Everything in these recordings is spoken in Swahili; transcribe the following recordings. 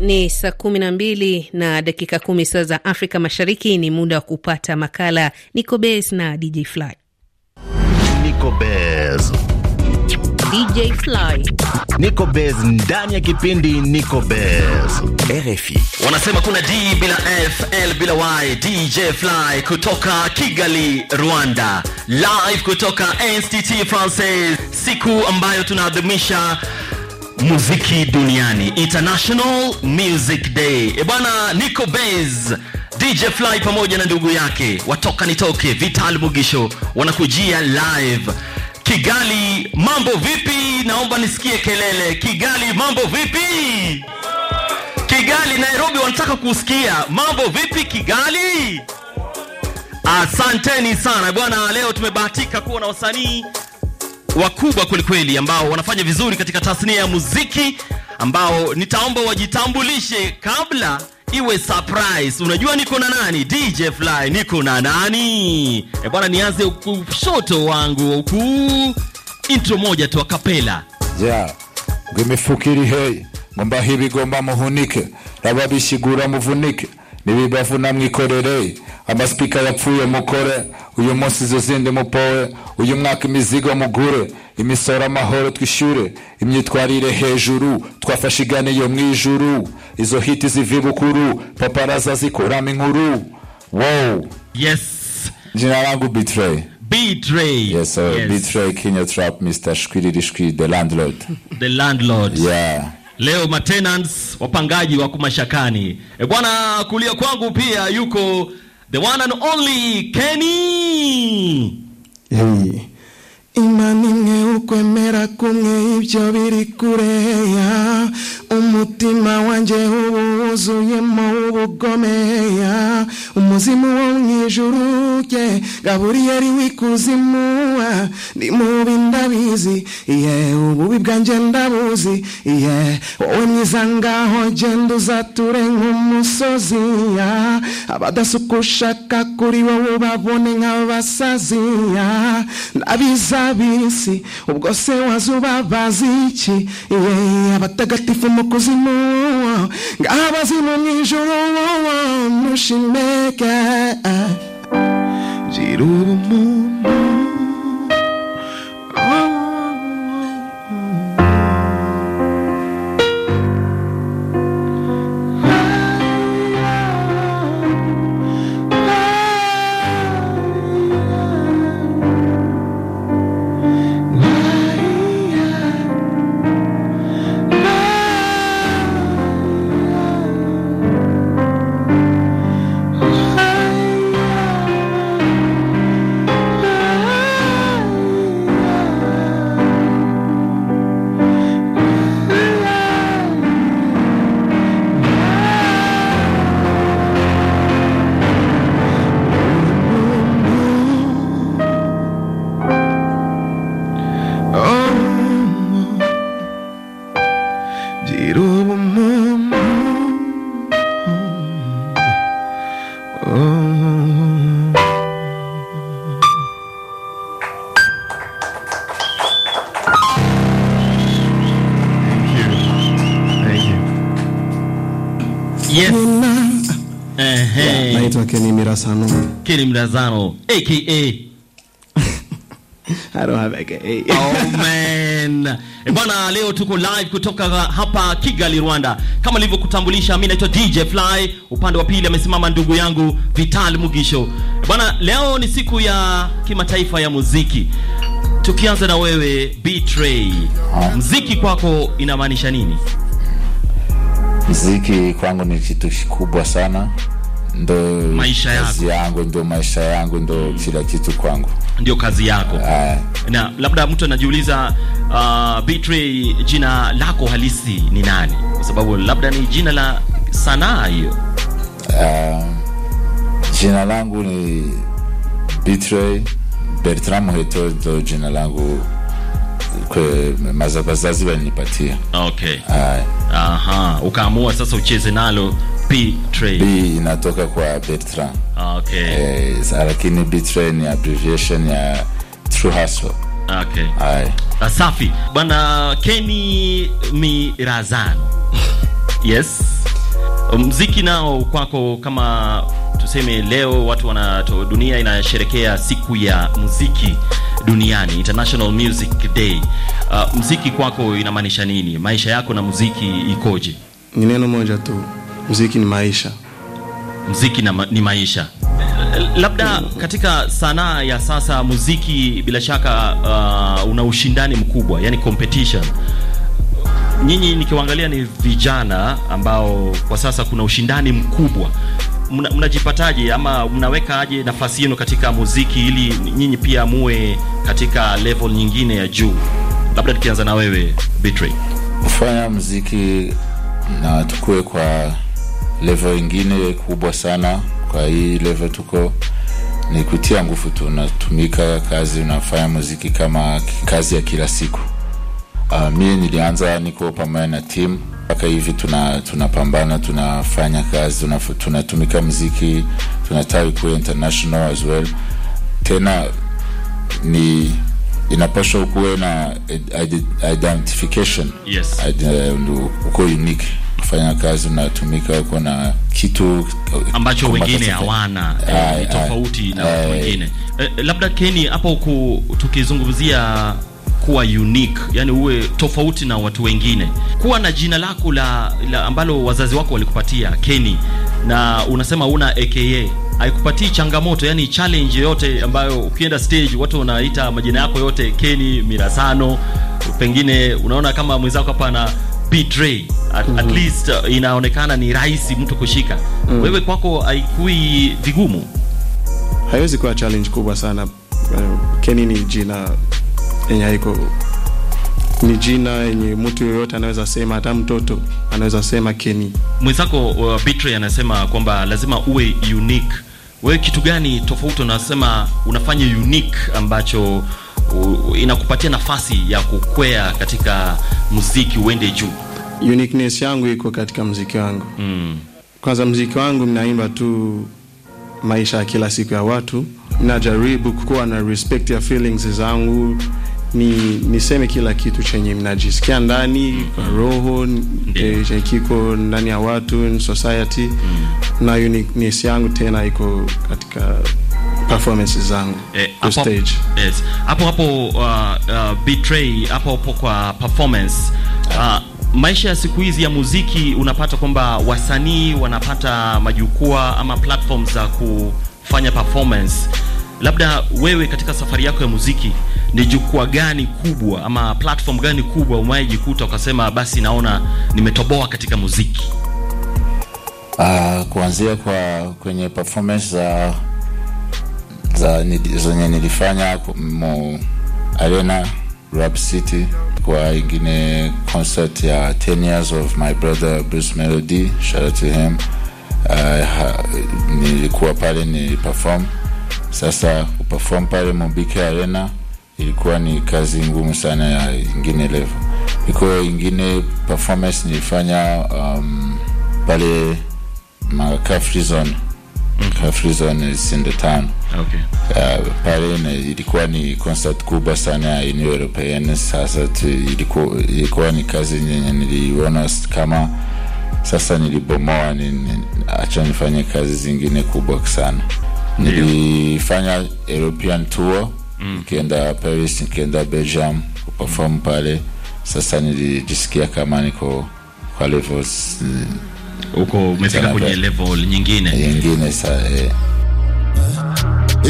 Ni saa 12 na dakika kumi saa za Afrika Mashariki. Ni muda wa kupata makala Nicobes na DJ Fly. Nicobes. DJ Fly. Nicobes ndani ya kipindi Nicobes. RFI. Wanasema kuna D bila F, L bila Y. DJ Fly kutoka Kigali, Rwanda. Live kutoka NCT Francais, siku ambayo tunaadhimisha muziki duniani, International Music Day. E bwana, Nico Bez, DJ Fly pamoja na ndugu yake watoka nitoke Vital mugisho wanakujia live Kigali. Mambo vipi? Naomba nisikie kelele. Kigali, mambo vipi? Kigali, Nairobi wanataka kusikia mambo vipi Kigali. Asanteni sana bwana, leo tumebahatika kuwa na wasanii wakubwa kwelikweli ambao wanafanya vizuri katika tasnia ya muziki ambao nitaomba wajitambulishe kabla iwe surprise. Unajua niko na nani? DJ Fly, niko na nani? E bwana, nianze kushoto wangu huku, intro moja tu akapela yeah. Ngimifikiri hei gomba hivi gomba muhunike rabarishigura muvunike n'ibibavu namwikorere amasipika yapfuye mukore uyu munsi izo zindi mupowe uyu mwaka imizigo mugure imisoro amahoro twishyure imyitwarire hejuru twafashe yo mu ijuru izo hiti ziva ibukuru paparaza zikuramo inkuru wowu yesi jinarangu bitireyi B-Tray. Yes, sir. Yes. B-Tray, Kenya Trap, Mr. Shkwiri the the landlord. Yeah. Leo matenants wapangaji wako mashakani. E bwana, kulia kwangu pia yuko the one and only Kenny. Hey. Imani ngeukwemera kumwe ibyo biri kureya umutima wanje ubu wuzuyemo ubugomeya umuzimu wo mu ijuru uje gaburi yari wikuzimua ni mubi ndabizi Ye, ububi bwanjye ndabuzi Ye, wowe mwiza ngaho genda uzature nk'umusozi abadasuka ushaka kuri wowe ubabone nk'abasazi ndabiza bisi ubwo se wazubabaza iki iye abatagatifu mu kuzimu ngabazimu mu ijoro mushimeke See you tomorrow. Yes. Naitwa Kenny Mirazano. Kenny Mirazano, aka oh, eh, bwana, leo tuko live kutoka hapa Kigali, Rwanda. Kama nilivyokutambulisha, mimi naitwa DJ Fly. Upande wa pili amesimama ndugu yangu Vital Mugisho. Eh, bwana, leo ni siku ya kimataifa ya muziki. Tukianza na wewe b ah. Muziki kwako inamaanisha nini? Mziki kwangu ni kitu kikubwa sana, ndo maisha yako. yangu ndo maisha yangu ndo kila kitu kwangu, ndio kazi yako. Aye. Ah. Na labda mtu anajiuliza uh, ah, Betray, jina lako halisi ni nani? Kwa sababu labda ni jina la sanaa hiyo. Uh, jina langu ni Betray Bertrand Muheto, ndo jina langu mazabazazi wanipatia. Okay. Aye. Aha, ukaamua sasa ucheze nalo B train. B inatoka kwa Bertrand. Ah, okay. Eh, lakini B train ni abbreviation ya True Hustle. Okay. Hai. Ah, safi. Bwana Kenny Mirazan. Yes. Mziki nao kwako kama tuseme leo watu wana dunia inasherekea siku ya muziki duniani, International Music Day. Uh, mziki kwako inamaanisha nini? Maisha yako na muziki ikoje? Ni neno moja tu, mziki ni maisha. Mziki na ma ni maisha. Labda katika sanaa ya sasa muziki, bila shaka uh, una ushindani mkubwa, yani competition Nyinyi nikiwaangalia ni vijana ambao kwa sasa kuna ushindani mkubwa mnajipataje mna ama mnaweka aje nafasi yenu katika muziki ili nyinyi pia muwe katika level nyingine ya juu? Labda tukianza na wewe Bitri. Kufanya muziki na tukue kwa level ingine kubwa sana, kwa hii level tuko ni kutia nguvu tu, unatumika kazi, unafanya muziki kama kazi ya kila siku. Uh, ah, mi nilianza niko pamoja na timu mpaka hivi tunapambana, tuna tunafanya kazi, tunatumika, tuna mziki, tunatawi kuwa international as well. Tena ni inapaswa ukuwe na identification yes. Eh, uko unique kufanya kazi, unatumika, uko na kitu ambacho wengine hawana, eh, ah, ah, tofauti na eh, wengine labda keni hapo. Tukizungumzia kuwa unique, yani uwe tofauti na watu wengine, kuwa na jina lako la, la ambalo wazazi wako walikupatia Kenny, na unasema una aka haikupatii changamoto yani challenge yote ambayo ukienda stage watu wanaita majina yako yote Kenny Mirasano, pengine unaona kama mwenzako hapa na betray at, mm -hmm. at mhm. least uh, inaonekana ni rahisi mtu kushika mm. Wewe kwako haikui vigumu? Haiwezi kuwa challenge kubwa sana. Uh, Kenny ni jina yenye haiko ni jina yenye mtu yoyote anaweza sema, hata mtoto anaweza sema Keni. Mwenzako uh, Bitre anasema kwamba lazima uwe unique. Wewe kitu gani tofauti unasema unafanya unique ambacho uh, inakupatia nafasi ya kukwea katika muziki uende juu? Uniqueness yangu iko katika muziki wangu mm. Kwanza muziki wangu mnaimba tu maisha ya kila siku ya watu, najaribu kukua na respect ya feelings zangu ni niseme kila kitu chenye mnajisikia ndani kwa mm. -hmm. roho yeah. E, chenye kiko ndani ya watu in society mm. -hmm. nayo ni, ni esi yangu tena iko katika performances zangu eh, to stage yes. hapo hapo uh, uh, betray hapo hapo kwa performance uh, maisha ya siku hizi ya muziki unapata kwamba wasanii wanapata majukwaa ama platforms za kufanya performance labda wewe katika safari yako ya muziki ni jukwaa gani kubwa ama platform gani kubwa umewajikuta ukasema basi naona nimetoboa katika muziki? Uh, kuanzia kwa kwenye performance za za zenye nilifanya mu Arena Rap City, kwa ingine concert ya 10 years of my brother Bruce Melody, shout out to him. Uh, nilikuwa pale ni perform sasa, kuperform pale Mobiki Arena ilikuwa ni kazi ngumu sana ya ingine level. Iko ingine performance nilifanya um, pale Makafri zone Kafri mm. zone is in the town. Okay. Uh, pale na ilikuwa ni concert kubwa sana ya Union European. Sasa ilikuwa, ni kazi yenye niliona kama sasa nilibomoa, ni, ni, acha nifanye kazi zingine kubwa sana. Nilifanya European tour mm. nikienda Paris, nikienda Belgium kuperform pale, sasa nilijisikia kama niko kwa levels huko, mm, umefika kwenye level nyingine nyingine sasa eh.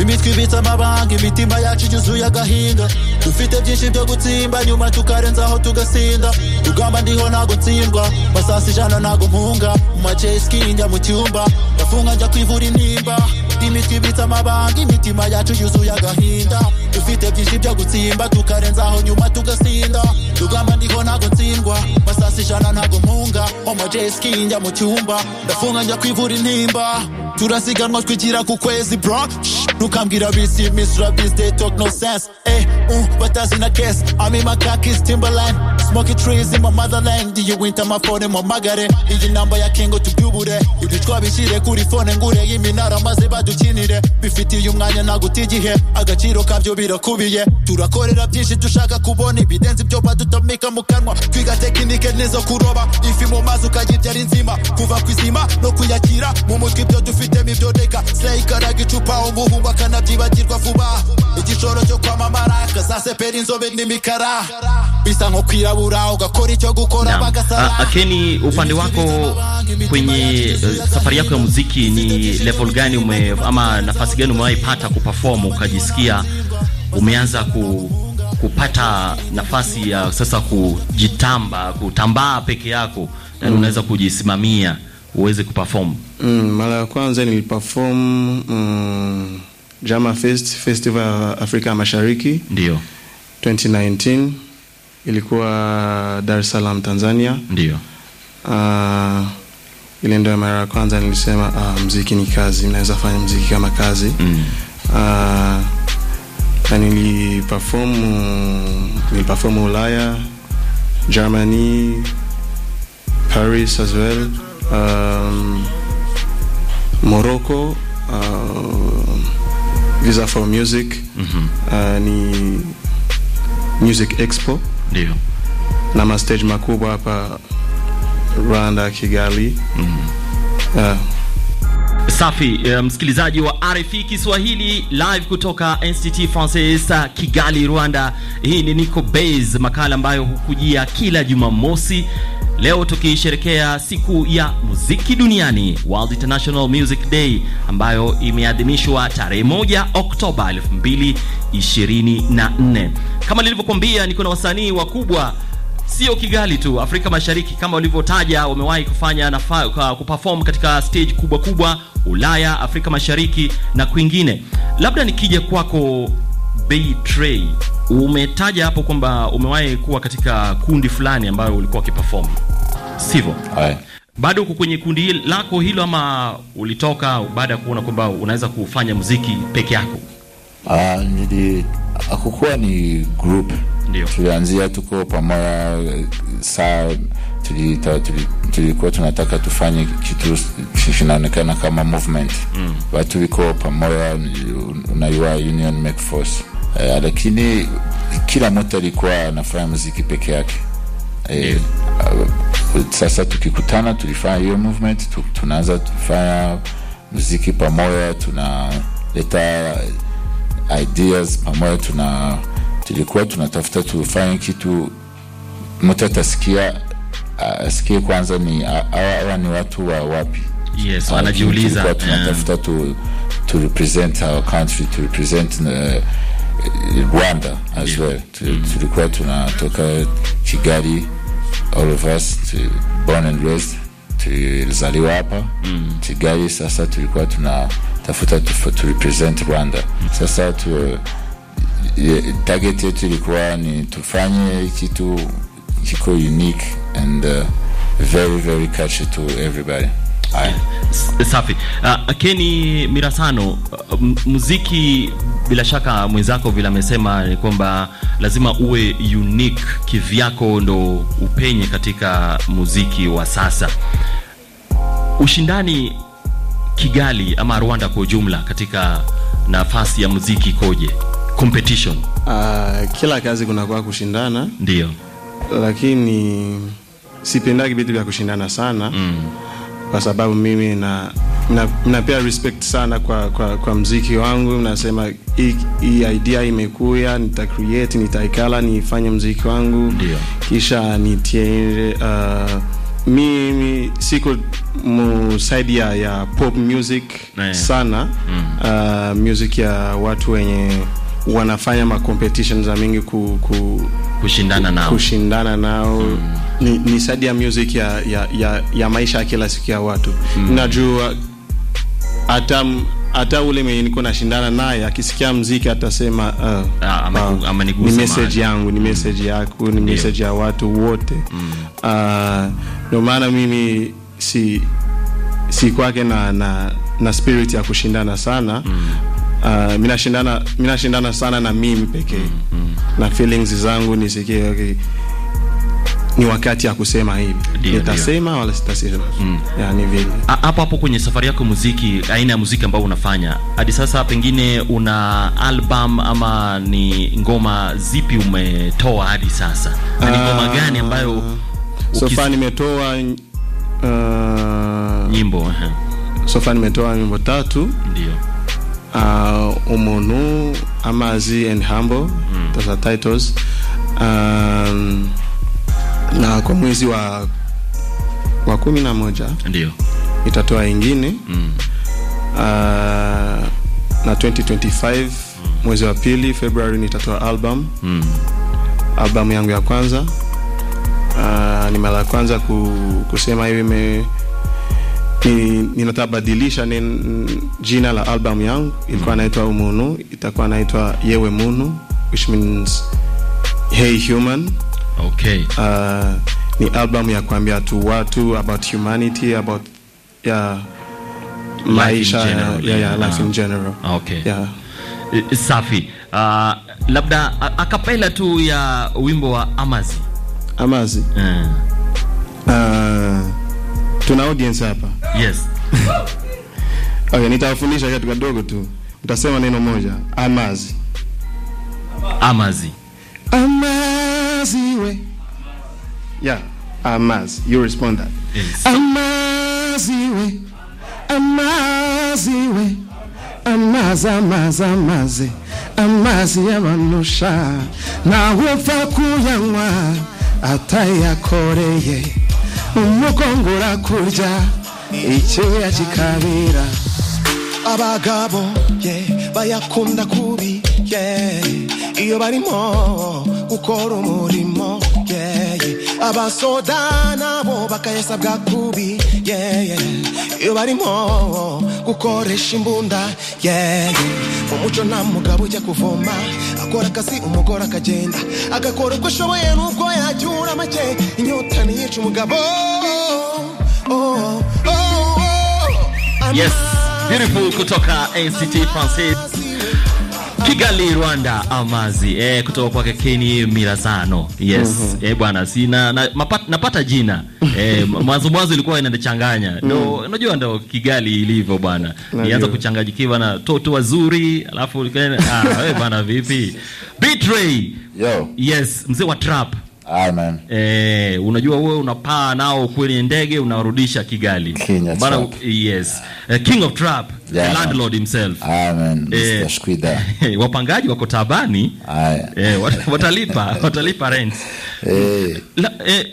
imitwe ibitse amabanga imitima yacu yuzuye agahinda dufite byinshi byo gutsimba nyuma tukarenzaho tugasinda rugamba ndiho nago ntsindwa masasi ijana nago mpunga mu majeski njya mu cyumba ndafunga njya kwivura intimba imitwe ibitse amabanga imitima yacu yuzuye agahinda nditeka ishibya gutsimba tukarenza aho nyuma tugasinda tugamba ndiho ntago ntsindwa masasi ijana ntago mpunga homojeski njya mu cyumba ndafunga njya kwivura intimba turasiganwa twigira ku kwezi bro ntukambwira bisi miss urabisi detok no sense eh Mm, butters in a case. I'm in my khakis, Timberline. Smoky trees in my motherland. Do you winter my phone in my magare? Iyi namba ya Kingo tubyubure. Ibyo twabishyire kuri phone ngure y'iminara maze badukinire. Bifitiye umwanya naguta igihe. Agaciro kabyo birakubiye. Turakorera byinshi dushaka kubona ibidenzi byo badutamika mu kanwa. Twiga tekinike nizo kuroba. Ifi mu mazi ukayibyara inzima. Kuva ku izima no kuyakira. Mu mutwe ibyo dufitemo ibyo reka. Slay karaga icupa umuhungu akanabyibagirwa vuba. Igishoro cyo kwamamara Akeni, upande wako kwenye eh, safari yako ya muziki ni level gani ume, ama nafasi gani umewahi pata kuperform ukajisikia umeanza ku kupata nafasi ya sasa kujitamba kutambaa peke yako na mm. unaweza kujisimamia uweze kuperform? Mm, mara ya kwanza niliperform mm, Jama Fest Festival Afrika Mashariki ndio 2019 ilikuwa Dar es Salaam, Tanzania ndio. Uh, ile ndio mara ya kwanza nilisema, uh, ah, mziki ni kazi, naweza fanya mziki kama kazi mm. Uh, na niliperform perform Ulaya, Germany, Paris as well, um, Morocco uh, Visa for Music mm -hmm. uh, ni Music Expo ndio, na mastage makubwa hapa Rwanda, Kigali mm -hmm. uh, Safi eh, msikilizaji wa RFI Kiswahili live kutoka NCT Francis Kigali, Rwanda. Hii ni Nico Base, makala ambayo hukujia kila Jumamosi Leo tukisherekea siku ya muziki duniani World International Music Day ambayo imeadhimishwa tarehe moja Oktoba 2024. Kama nilivyokuambia, niko na wasanii wakubwa sio Kigali tu, Afrika Mashariki kama walivyotaja, wamewahi kufanya nafa, kuperform katika stage kubwa kubwa Ulaya, Afrika Mashariki na kwingine. Labda nikija kwako Baytray, umetaja hapo kwamba umewahi kuwa katika kundi fulani ambayo ulikuwa ukiperform, sivyo? Bado uko kwenye kundi lako hilo ama ulitoka baada ya kuona kwamba unaweza kufanya muziki peke yako? Ah, nili akukuwa ni group. Ndio. Tulianzia tuko pamoja saa tulikuwa tuli, tuli, tunataka tufanye kitu kinaonekana kama movement. Mm. Watu wiko pamoja unaiwa union make force. mm eh, lakini kila mtu alikuwa anafanya muziki peke yake eh, yeah. uh, sasa tukikutana tulifanya hiyo movement, tu, tunaanza kufanya muziki pamoja, tunaleta eh, ideas pamoja, tuna tulikuwa tunatafuta tufanye kitu mtu atasikia asikie kwanza ni hawa ni watu wa wapi. Yes, wanajiuliza. Tunatafuta tu to represent our country, to represent uh, Rwanda as yeah. well. Tulikuwa tunatoka Kigali, all of us born and raised, tulizaliwa hapa mm. Kigali. Sasa tulikuwa tunatafuta to represent Rwanda. Mm. Sasa tu, uh, target yetu ilikuwa ni tufanye kitu kiko unique and uh, very very catchy to everybody. Safi. Uh, ah, Keni Mirasano, muziki bila shaka mwenzako vile amesema ni kwamba lazima uwe unique kivyako ndo upenye katika muziki wa sasa. Ushindani Kigali ama Rwanda kwa ujumla katika nafasi ya muziki koje? Competition. Uh, kila kazi kunakuwa kushindana. Ndio. Lakini sipendagi vitu vya kushindana sana. Mm kwa sababu mimi na mnapea respect sana kwa, kwa, kwa mziki wangu. Mnasema hii idea imekuya, nita create nitaikala, nifanye mziki wangu Dio. kisha nitie nje uh, mimi siko msaidi ya, ya pop music Nae. sana mm. Uh, music ya watu wenye wanafanya ma competitions za mingi ku, ku, kushindana nao, kushindana nao. Mm ni, ni sadi ya music ya, ya, ya, ya maisha ya kila siku ya watu mm. Najua hata hata ule mwenye niko nashindana naye akisikia mziki atasema uh, ah, uh, ni message yangu ni hmm. message mm. yako ni message yeah. ya watu wote mm. uh, ndio maana mimi si si kwake na, na, na spirit ya kushindana sana mm. Uh, minashindana minashindana sana na mimi pekee mm, mm. na feelings zangu nisikie okay ni wakati ya kusema hivi, nitasema wala sitasema mm. Yani vile hapo hapo kwenye safari yako muziki, aina ya muziki ambao unafanya hadi sasa, pengine una album ama ni ngoma zipi umetoa hadi sasa? na Ni ngoma gani ambayo ah, ukis... sofa nimetoa uh, nyimbo uh -huh. sofa nimetoa nyimbo tatu ndio uh, umunu amazi and humble mm. those are titles um, na kwa mwezi wa wa kumi na moja ndio itatoa ingine mm. uh, na 2025 mm. mwezi wa pili Februari nitatoa album mm. albamu yangu ya kwanza uh, ni mara ya kwanza ku, kusema hivi me, ninatabadilisha ni, jina la albamu yangu ilikuwa mm. naitwa Umunu itakuwa naitwa Yewe Munu which means hey human Okay. Uh, ni album ya kuambia tu watu about humanity about ya maisha life in general, ya, yeah, yeah, life in general. Ah, okay. Yeah. Safi. Uh, labda akapela tu ya wimbo wa Amazi. Amazi. Mm. Uh, tuna audience hapa. Yes. okay, nitawafundisha kitu kidogo tu. Utasema neno moja, Amazi. Amazi. Amazi. Amaziwe. Yeah, Amaz. You respond that. Yes. Amaziwe. Amaziwe. Amazi, amazi, amazi. Amazi y'abanusha. Nawe upfa ataya koreye Umugongo urakurya. Icyuya kikabira. Abagabo, yeah, bayakunda kubi, ye Iyo barimo gukora umurimo abasoda nabo bakayasabwa kubi iyo barimo gukoresha imbunda mu muco nta mugabo ujya kuvoma akora akazi umugore akagenda agakora uko ashoboye n'ubwo yacyura make inyota ntiyica umugabo oh, oh, oh, Yes, beautiful kutoka NCT Francis. Kigali Rwanda, Amazi eh, kutoka kwake Keni Mirazano. Yes mm -hmm. Eh bwana, si na, mapat, napata jina eh, mwanzo mwanzo ilikuwa inanichanganya mm -hmm. unajua ndio Kigali ilivyo bwana, nianza kuchanganyikiwa na toto wazuri, alafu ah wewe bwana vipi Bitray yo yes mzee wa trap Amen. Eh, unajua wewe unapaa nao kwenye ndege unarudisha Kigali. King of Bara, trap. Yes. Uh, King of Trap, yeah, the landlord himself. Amen. Eh, eh, wapangaji wako tabani. Eh, watalipa, watalipa rent. Eh. La, eh,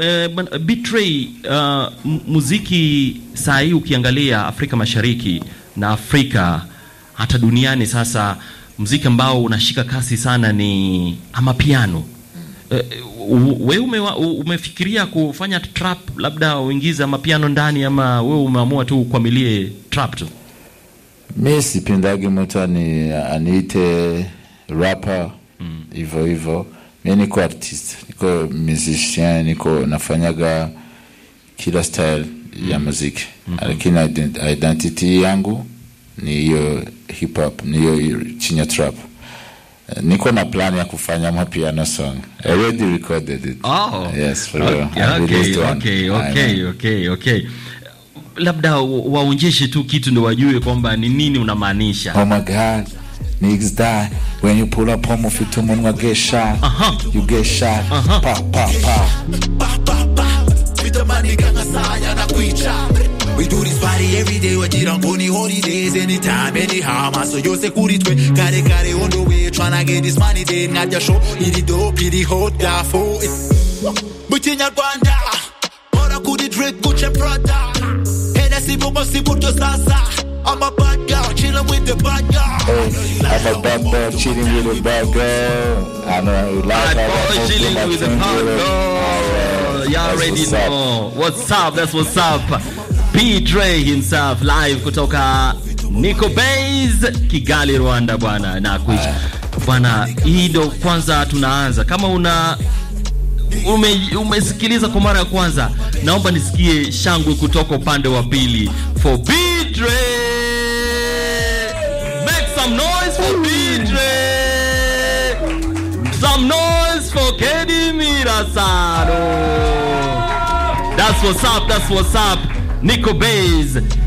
eh, betray uh, muziki saa hii ukiangalia Afrika Mashariki na Afrika hata duniani sasa muziki ambao unashika kasi sana ni amapiano. Uh, we ume, umefikiria kufanya trap labda uingiza mapiano ndani ama we umeamua tu ukwamilie trap tu? Mi sipendagi mtu ani, aniite rapper hivyo mm. hivyo. Mi niko artist, niko musician, niko nafanyaga kila style ya mm. muziki mm -hmm. Lakini identity yangu ni hiyo hip hop, ni hiyo chinya trap niko na plan ya kufanya mapiano song. I already recorded it. Oh. Yes, for okay, real. I released okay, one. Okay, okay, okay, okay. Labda waonjeshe tu kitu ndio wajue kwamba ni nini unamaanisha. Oh my God. Niggas die when you pull up home of you two man get shot. Uh -huh. You get shot. Uh -huh. Pa pa pa. Pa pa pa. Vitamani ganga saya na kuicha. We do this party every day, wagira ngoni holidays anytime anyhow. Maso yose kuritwe kare kare on the way. tryna get this money, then at your show. Be dope, be the hot, for it. But in your Rwanda, but I could drink Gucci Prada. Hennessy, Bumba, Sibuto Sasa. I'm a bad girl, chilling with the bad girl. Hey, I'm a bad girl, chilling with the bad girl. I know you like that. Bad am chilling with the bad girl. Y'all already know. What's up? That's what's up. P Dre himself live kutoka Nico Bays Kigali Rwanda bwana na kuisha Bwana, hii ndio kwanza tunaanza. Kama una ume, umesikiliza kwa mara ya kwanza, naomba nisikie shangwe kutoka upande wa pili for Bidre. Make some noise for Bidre. Some noise for Kedi Mirasano. That's what's up, that's what's up. Nico Base